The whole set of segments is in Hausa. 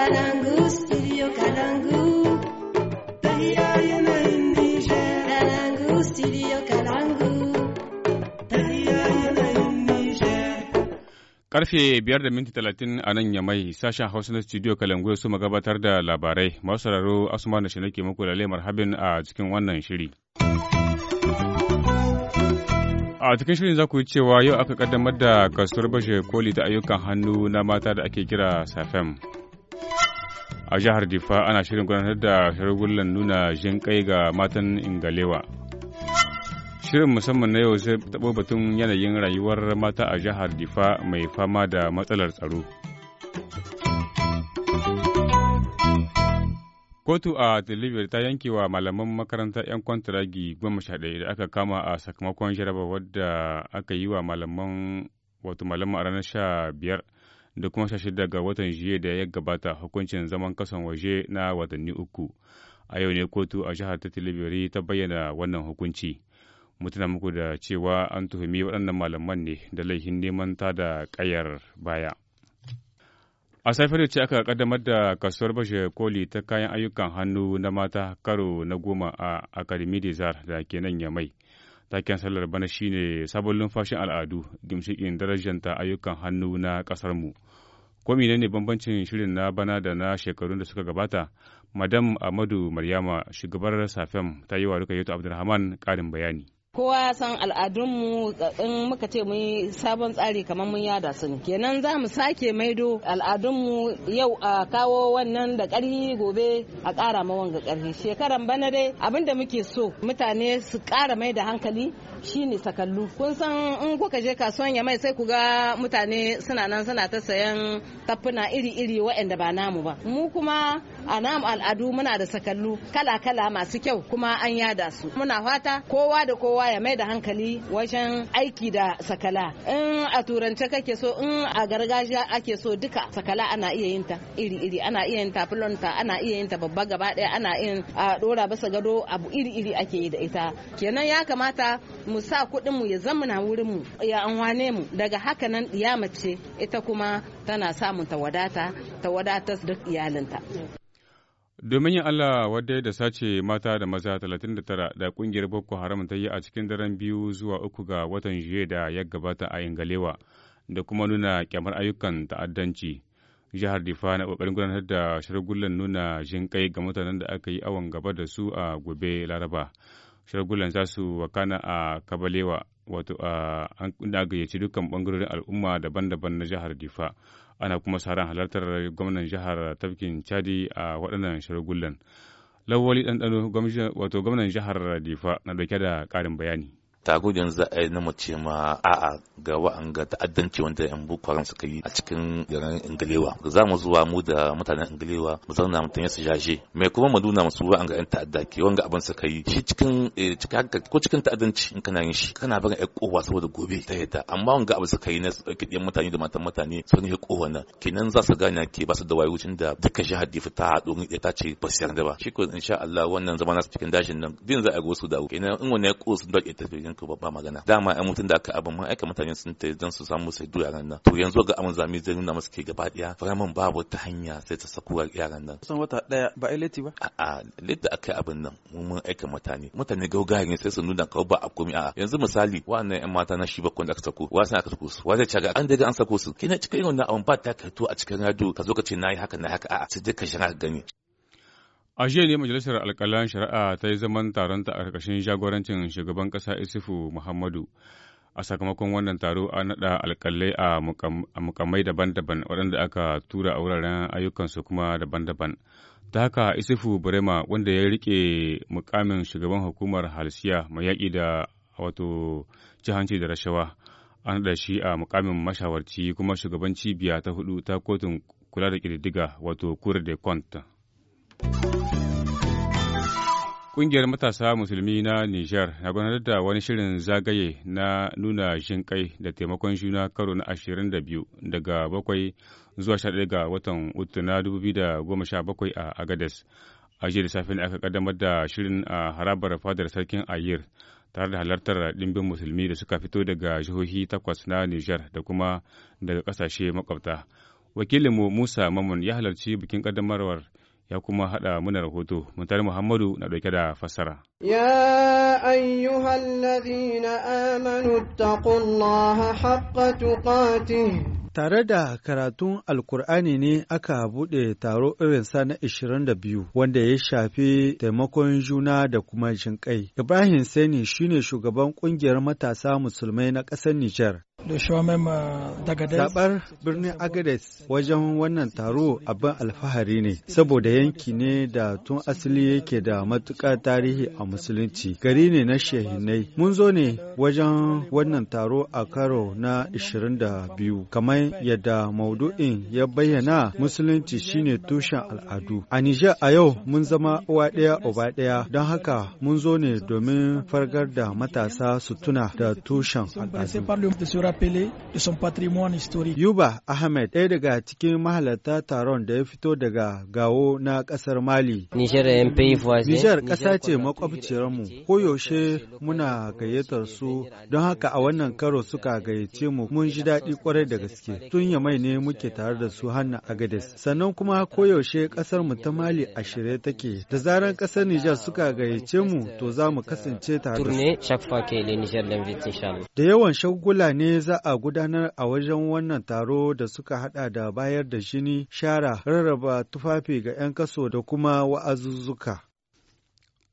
Kalangu, Karfe biyar da minti talatin a nan yamai sashen Hausa na studio Kalangu su gabatar da labarai. Masu sauraro Asuma da shi nake muku marhabin a cikin wannan shiri. a cikin shirin za ku yi cewa yau aka kaddamar da kasuwar bashe koli ta ayyukan hannu na mata da ake kira safem a jihar difa ana shirin gudanar da shirgullan nuna jin kai ga matan ingalewa shirin musamman na yau zai taɓo batun yanayin rayuwar mata a jihar difa mai fama da matsalar tsaro kotu a delivery ta yanke wa malaman makaranta 'yan kwantaragi goma sha da aka kama a sakamakon jaraba wadda aka yi wa malaman wato malaman a ranar sha biyar da kuma 16 ga watan jiye da ya gabata hukuncin zaman kasan waje na watanni uku. A yau ne kotu a jihar ta Tilibiri ta bayyana wannan hukunci. Mutuna muku da cewa an tuhumi waɗannan malaman ne da laifin neman ta da ƙayar baya. A safiyar ce aka kaddamar da kasuwar bashe koli ta kayan ayyukan hannu na mata karo na goma a Akademi zar da ke nan Yamai. Taken sallar bana shine sabon lumfashin al'adu gimshikin darajanta ayyukan hannu na ƙasarmu. mu. Ko ne bambancin shirin na bana da na shekarun da suka gabata? Madam Amadu Maryama, shugabar Safem, ta yi wa Rukayyatu Abdulrahman karin bayani. kowa san al'adunmu in muka ce mun sabon tsari kamar mun yada su ne kenan za mu sake maido al'adunmu yau a kawo wannan da ƙarfi gobe a ƙara ma wanga ƙarfi shekaran bana dai abin da muke so mutane su ƙara mai da hankali shine sakallu kun san in kuka je kasuwan ya mai sai ku ga mutane suna nan suna ta sayan tafuna iri-iri waɗanda ba namu ba mu kuma a namu al'adu muna da sakallu kala-kala masu kyau kuma an yada su muna fata kowa da kowa kowa ya mai da hankali wajen aiki da sakala in a turance kake so in a gargajiya ake so duka sakala ana iya yin ta iri iri ana iya yin ta filonta ana iya yin ta babba gaba daya ana iya a dora bisa gado abu iri iri ake yi da ita kenan ya kamata mu sa kuɗin mu ya zamana wurin mu ya anwane mu daga haka nan mace ita kuma tana samun ta wadata ta wadatar duk iyalinta Domin yin Allah wadda da sace mata da maza 39 da kungiyar Boko Haram ta yi a cikin daren biyu zuwa uku ga watan Juye da ya gabata a ingalewa da kuma nuna kyamar ayyukan ta'addanci. Jihar Difa na ƙoƙarin gudanar da shirgullan nuna jinƙai ga mutanen da aka yi awon gaba da su a gobe Laraba. Shirgullan za su wakana a Kabalewa wato a an gayyaci dukkan bangarorin al'umma daban-daban na jihar Difa. ana kuma sa ran halartar gwamnan jihar tafkin chadi a waɗannan shirgullan lawali ɗanɗano wato gwamnan jihar difa na dauke da ƙarin bayani tagudin za a yi na mace ma a'a ga wa'anga ta'addanci wanda yan bukwaran suka yi a cikin garin ingilewa za mu zuwa mu da mutanen ingilewa mu zauna mu tanya su jaje mai kuma mu nuna musu wa'anga yan ta'adda ke wanga abin suka yi shi cikin eh, ko cikin ta'addanci in kana yin shi kana barin yan kowa saboda gobe ta yadda amma wanga abin suka yi na kiɗin mutane da matan mutane sun yi kowa na kenan za su gane ke ba su da wayo da dukkan shi da fita haɗu ya ta ce ba su yarda ba shi ko insha Allah wannan zama nasu cikin dashin nan din za a go da kenan in wani ya kowa sun da tafiya in ka babba magana dama ai mutun da aka abin ma aika mutane sun ta dan su samu sai doya yaran nan to yanzu ga amin zami zai nuna masu ke gaba daya firamin babu ta hanya sai ta sakuwar yaran nan san wata daya ba ai leti ba a'a leti aka abin nan mu mun aika mutane mutane ne sai su nuna ka ba a komi a'a yanzu misali wannan yan mata na shi bakwai da aka sako wa sai aka sako su wa zai caga an daga an sako su kina cikin wannan abin ba ta kaito a cikin radio ka zo ka ce nayi haka na haka a'a sai dai ka shiga gani A jiya ne Majalisar Alƙalan Shari'a ta yi zaman taronta a ƙarƙashin jagorancin shugaban ƙasa Isufu Muhammadu. A sakamakon wannan taro an naɗa alkalai a mukammai daban-daban waɗanda aka tura a wuraren ayyukansu kuma daban-daban. Ta haka Isufu Burema wanda ya rike mukamin shugaban hukumar Halsiya mai yaƙi da wato cihanci da rashawa an naɗa shi a mukamin mashawarci kuma shugaban cibiya ta hudu ta kotun kula da ƙididdiga wato kura de kwanta. Ƙungiyar matasa musulmi na Nijar na gudanar da wani shirin zagaye na nuna kai da taimakon juna karo na ashirin da biyu daga bakwai zuwa sha ga watan Utu na dubu biyu da goma sha bakwai a Agades. A jiya da safe ne aka kaddamar da shirin a harabar fadar sarkin Ayir tare da halartar ɗimbin musulmi da suka fito daga jihohi takwas na Nijar da kuma daga ƙasashe makwabta. Wakilinmu Musa Mamun ya halarci bikin kaddamarwar ya kuma haɗa mana rahoto. Muntari Muhammadu na dauke da fassara. Ya ayyuhal ladina amanu taqullaha haqqa tuqati Tare da karatun Alkur'ani ne aka buɗe taro irinsa na 22 wanda ya shafi taimakon juna da kuma jinƙai. Ibrahim Sani shine shugaban ƙungiyar matasa musulmai na ƙasar Nijar. zabar birnin Agades wajen wannan taro abin alfahari ne, saboda yanki ne da tun asali yake da matuƙa tarihi a musulunci. Gari ne na shehinai. Mun zo ne wajen wannan taro a karo na 22, kamar yadda maudu'in ya bayyana musulunci shine tushen al'adu. A Nijar a yau mun zama uwa ɗaya uba ɗaya, don haka mun zo ne domin fargar da matasa su tuna da tushen al'adu. rappeler de son patrimoine historique. Yuba Ahmed, ɗaya daga cikin mahalarta taron da ya fito daga gawo na ƙasar Mali. Nijar ƙasa ce makwabciyarmu, koyaushe muna gayyatar su don haka a wannan karo suka gayyace mu mun ji daɗi kwarai da gaske. Tun yamai ne muke tare da su hanna Agades. Sannan kuma koyaushe ƙasar mu ta Mali a shirye take. Da zaran ƙasar Nijar suka gayyace mu to za mu kasance tare da su. Da yawan shagula ne za a gudanar a wajen wannan taro da suka hada da bayar da shini, shara, rarraba tufafi ga 'yan kaso da kuma wa'azuzzuka.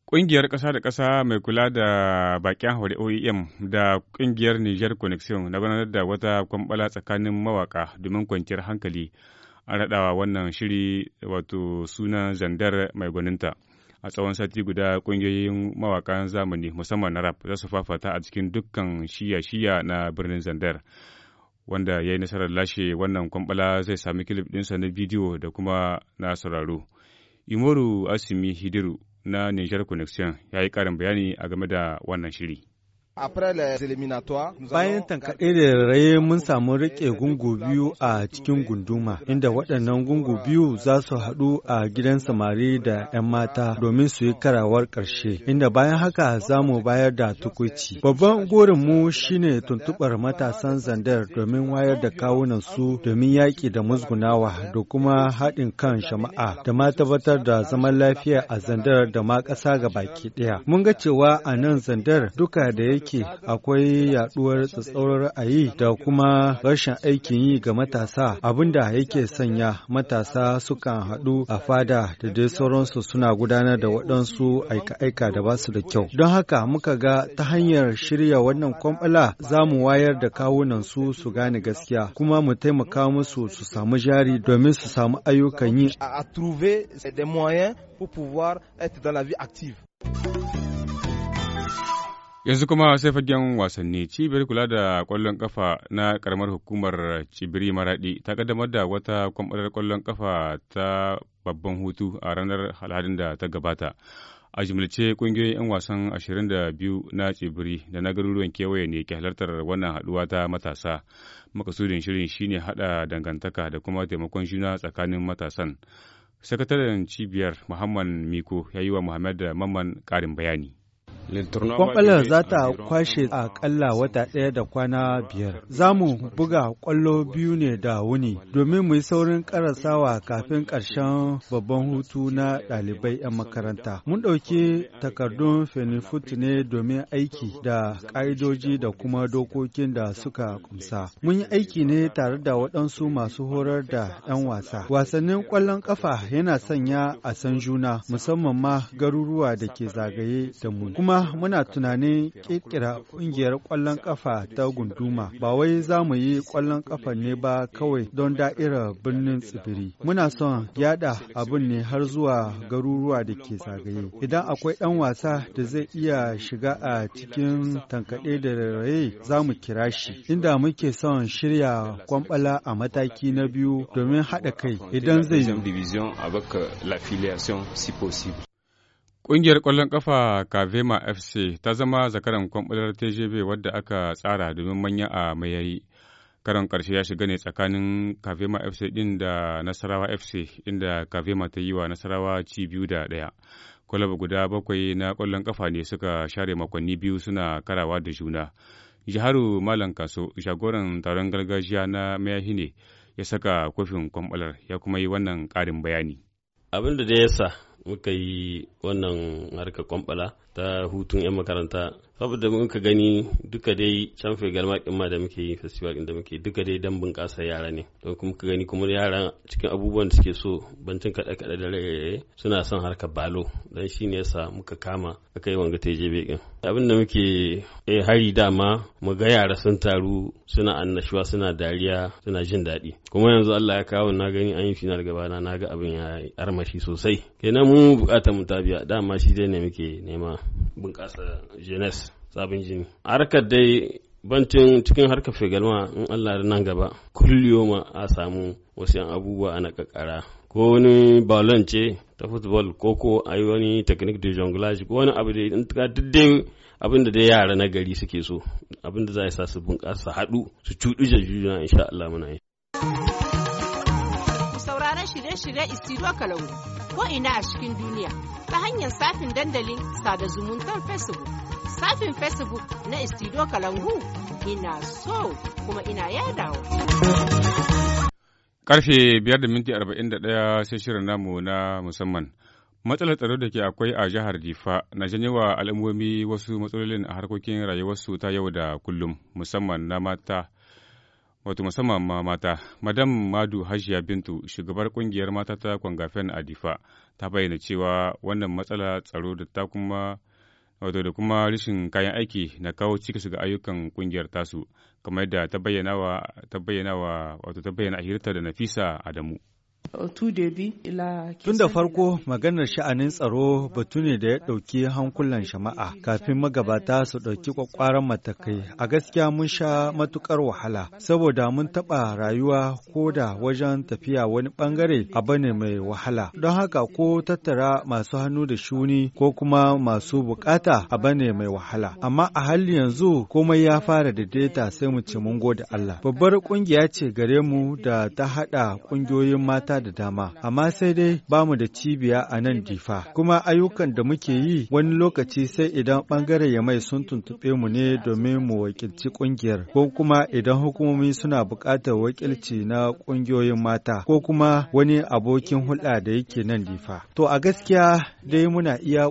Ƙungiyar ƙasa da ƙasa mai kula da baƙin haure OEM da ƙungiyar Niger Connection na gudanar da wata kwambala tsakanin mawaka domin kwanciyar hankali. an raɗawa wannan shiri wato suna zandar mai gwaninta. a tsawon sati guda kungiyoyin mawakan zamani musamman na rap za su fafata a cikin dukkan shiya-shiya na birnin zandar wanda ya yi nasarar lashe wannan kwambala zai sami kilif ɗinsa na bidiyo da kuma na sauraro imoru asimi hidiru na niger connection ya yi ƙarin bayani a game da wannan shiri Bayan tankaɗe da raye mun samu riƙe gungu biyu a cikin gunduma, inda waɗannan gungu biyu za su haɗu a gidan samari da 'yan mata domin su yi karawar ƙarshe, inda bayan haka za mu bayar da tukuci Babban mu shine tuntuɓar matasan zandar domin wayar da kawunan su domin yaƙi da musgunawa da kuma haɗin kan jama'a da ma tabbatar da zaman lafiya a zandar da ma ƙasa ga baki ɗaya. Mun ga cewa a nan zandar duka da yake yake akwai yaduwar tsatsaurar ra'ayi da kuma rashin aikin yi ga matasa abinda yake sanya matasa sukan haɗu a fada da dai sauransu suna gudanar da waɗansu aika-aika da ba su da kyau. Don haka muka ga ta hanyar shirya wannan kwamfala za mu wayar da kawunan su su gane gaskiya kuma mu taimaka musu su samu jari domin su samu ayyukan yi. A trouver des moyens pour pouvoir être dans la vie active. Yanzu kuma sai fagen wasanni cibiyar kula da kwallon kafa na karamar hukumar Cibiri maraɗi ta ƙaddamar da wata kwamfanar kwallon kafa ta babban hutu a ranar alhadin da ta gabata. A jimlice ƙungiyoyin 'yan wasan 22 na tsibiri da na garuruwan kewaye ne ke halartar wannan haɗuwa ta matasa. Makasudin shirin shine haɗa dangantaka da kuma taimakon juna tsakanin matasan. Sakataren cibiyar Muhammad Miko ya yi wa Muhammad da Mamman ƙarin bayani. Kwamfalar za ta kwashe akalla wata ɗaya da kwana biyar. Za mu buga ƙwallo biyu ne da wuni domin mu yi saurin karasawa kafin ƙarshen babban hutu na ɗalibai 'yan makaranta. Mun ɗauki takardun fenifut ne domin aiki da ƙa'idoji da kuma dokokin da suka kumsa. Mun yi aiki ne tare da waɗansu masu horar da 'yan wasa. Wasannin ƙwallon ƙafa yana sanya a san juna musamman ma garuruwa da ke zagaye da mu. kuma muna tunanin ƙirƙira ƙungiyar ƙwallon ƙafa ta gunduma ba wai za mu yi ƙwallon ƙafa ne ba kawai don da'irar birnin tsibiri muna son yada abin ne har zuwa garuruwa da ke zagaye idan akwai ɗan wasa da zai iya shiga a cikin tankaɗe da raye za mu kira shi inda muke son shirya kwamɓala a mataki na biyu domin haɗa kai idan zai yi Ƙungiyar ƙwallon ƙafa Kavema FC ta zama zakaran kwamɓular TGB wadda aka tsara domin manya a mayayi. Karon ƙarshe ya shiga ne tsakanin Kavema FC ɗin da Nasarawa FC inda Kavema ta yi wa Nasarawa ci biyu da ɗaya. Kwalaba guda bakwai na ƙwallon ƙafa ne suka share makonni biyu suna karawa da juna. Jiharu Malam Kaso, jagoran taron gargajiya na mayahi ne, ya saka kofin kwamɓalar ya kuma yi wannan ƙarin bayani. Abin da ya sa muka yi wannan harkar kwamfala ta hutun 'yan makaranta saboda mun ka gani duka dai can fegal makin ma da muke yi festival din da muke duka dai dan bunƙasa yara ne don kuma ka gani kuma yara cikin abubuwan da suke so bancin kaɗe kaɗe da raye suna son harka balo dan shi ne yasa muka kama aka yi wanga tejebe din abin da muke eh hari dama mu ga yara sun taru suna annashuwa suna dariya suna jin daɗi kuma yanzu Allah ya kawo na gani an yi final gaba na na ga abin ya armashi sosai kenan mu bukata mu tabiya dama shi dai ne muke nema bunƙasa jenes sabon jini harkar dai bantin cikin harkar fegalma in Allah da nan gaba kulliyoma a samu wasu yan abubuwa ana kakara ko wani balon ce ta football ko ko a yi wani technique de jonglage ko wani abu da in ka dai abin da dai yara na gari suke so abin da za a sa su bunƙasa su haɗu su cuɗu jajjuna insha Allah muna yi. Sauraron shirye-shirye istiro Kalangu ko ina a cikin duniya ta hanyar safin dandalin sada zumuntar Facebook. shafin facebook na istido kalangu ina so kuma ina yadawa. Karfe biyar da minti sai shirin namu na musamman. Matsalar tsaro da ke akwai a jihar Difa na janyewa al'ummomi wasu matsalolin a harkokin rayuwarsu ta yau da kullum musamman na mata. Wato musamman ma mata, Madam Madu Hajiya Bintu, shugabar kungiyar mata ta Kwangafen a Difa, ta bayyana cewa wannan matsala tsaro da ta kuma wato da kuma rashin kayan aiki na kawo cikas ga ayyukan kungiyar tasu kamar yadda ta bayyana wa wato ta bayyana a da Nafisa Adamu. Tun da farko maganar sha'anin tsaro batu ne da ya ɗauki hankulan shama'a kafin magabata su ɗauki ƙwaƙƙwaran matakai. A gaskiya mun sha matuƙar wahala saboda mun taɓa rayuwa ko da wajen tafiya wani ɓangare abu ne mai wahala. Don haka ko tattara masu hannu da shuni ko kuma masu buƙata abu ne mai wahala. Amma a hali yanzu komai ya fara daidaita sai mu ce mun gode Allah. Babbar ƙungiya ce gare mu da ta haɗa ƙungiyoyin mata da dama, amma sai dai ba mu da cibiya a nan difa, kuma ayyukan da muke yi wani lokaci sai idan bangare ya mai sun tuntuɓe mu ne domin mu wakilci ƙungiyar, ko kuma idan hukumomi suna buƙatar wakilci na ƙungiyoyin mata, ko kuma wani abokin hulɗa da yake nan difa. To a gaskiya dai muna iya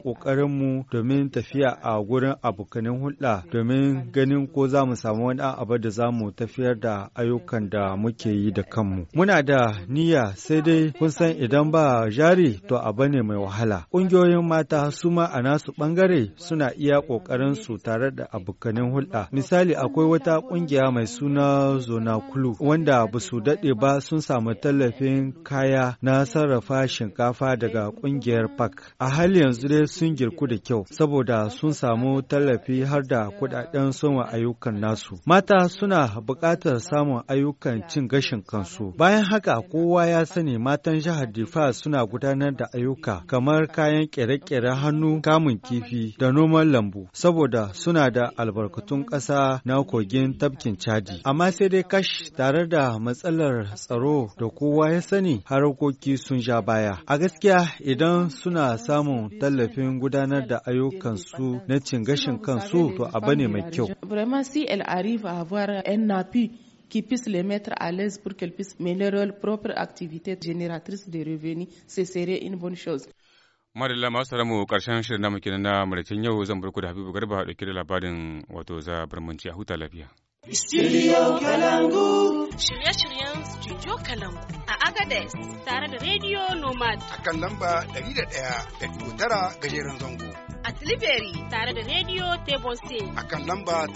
mu domin tafiya a gurin abokanin hulɗa domin ganin ko za mu samu wani abu da za mu tafiyar da ayyukan da muke yi da kanmu. Muna da niyya sai sai dai kun san idan ba jari to abu ne mai wahala. Ƙungiyoyin mata su ma a nasu ɓangare suna iya ƙoƙarin su tare da abokanin hulɗa. Misali akwai wata ƙungiya mai suna Zona Kulu wanda ba su daɗe ba sun samu tallafin kaya na sarrafa shinkafa daga ƙungiyar PAK. A hali yanzu dai sun girku da kyau saboda sun samu tallafi har da kuɗaɗen sonwa ayyukan nasu. Mata suna buƙatar samun ayyukan cin gashin kansu. Bayan haka kowa ya sani ne matan jihar Difa suna gudanar da ayyuka kamar kayan ƙere-ƙeren hannu, kamun kifi da noman lambu saboda suna da albarkatun ƙasa na kogin tafkin Chadi. Amma sai dai kash tare da matsalar tsaro da kowa ya sani harkoki sun ja baya. A gaskiya idan suna samun tallafin gudanar da ayyukansu na cin gashin kansu to abu ne mai kyau. qui puisse les mettre à l'aise pour qu'elles puissent mener leur propre activité génératrice de revenus, ce serait une bonne chose. madalla masu mu karshen shirin namu kenan na maraicin yau zan barku da habibu garba dauke da labarin wato za barmanci a huta lafiya Studio Kalangu. Shirye-shiryen Studio Kalangu a Agadez tare da Radio Nomad. A kan lamba 101.9 gajeren zango. a Tilibiri tare da Radio Table A kan lamba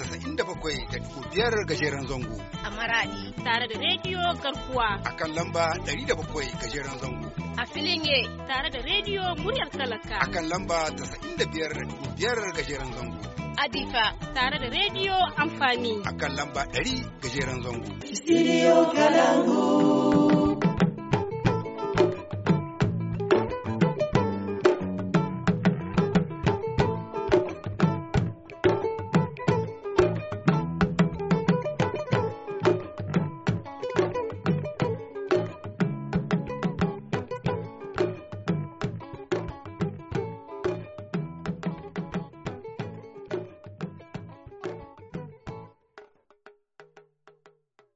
biyar gajeren zango. A Maradi tare da Radio Garkuwa. A kan lamba bakwai gajeren zango. A Filinge tare da Radio Muryar Talaka. A kan lamba da biyar da biyar gajeren zango. A Difa tare da Radio Amfani. A kan lamba dari gajeren zango. Studio Kalangu.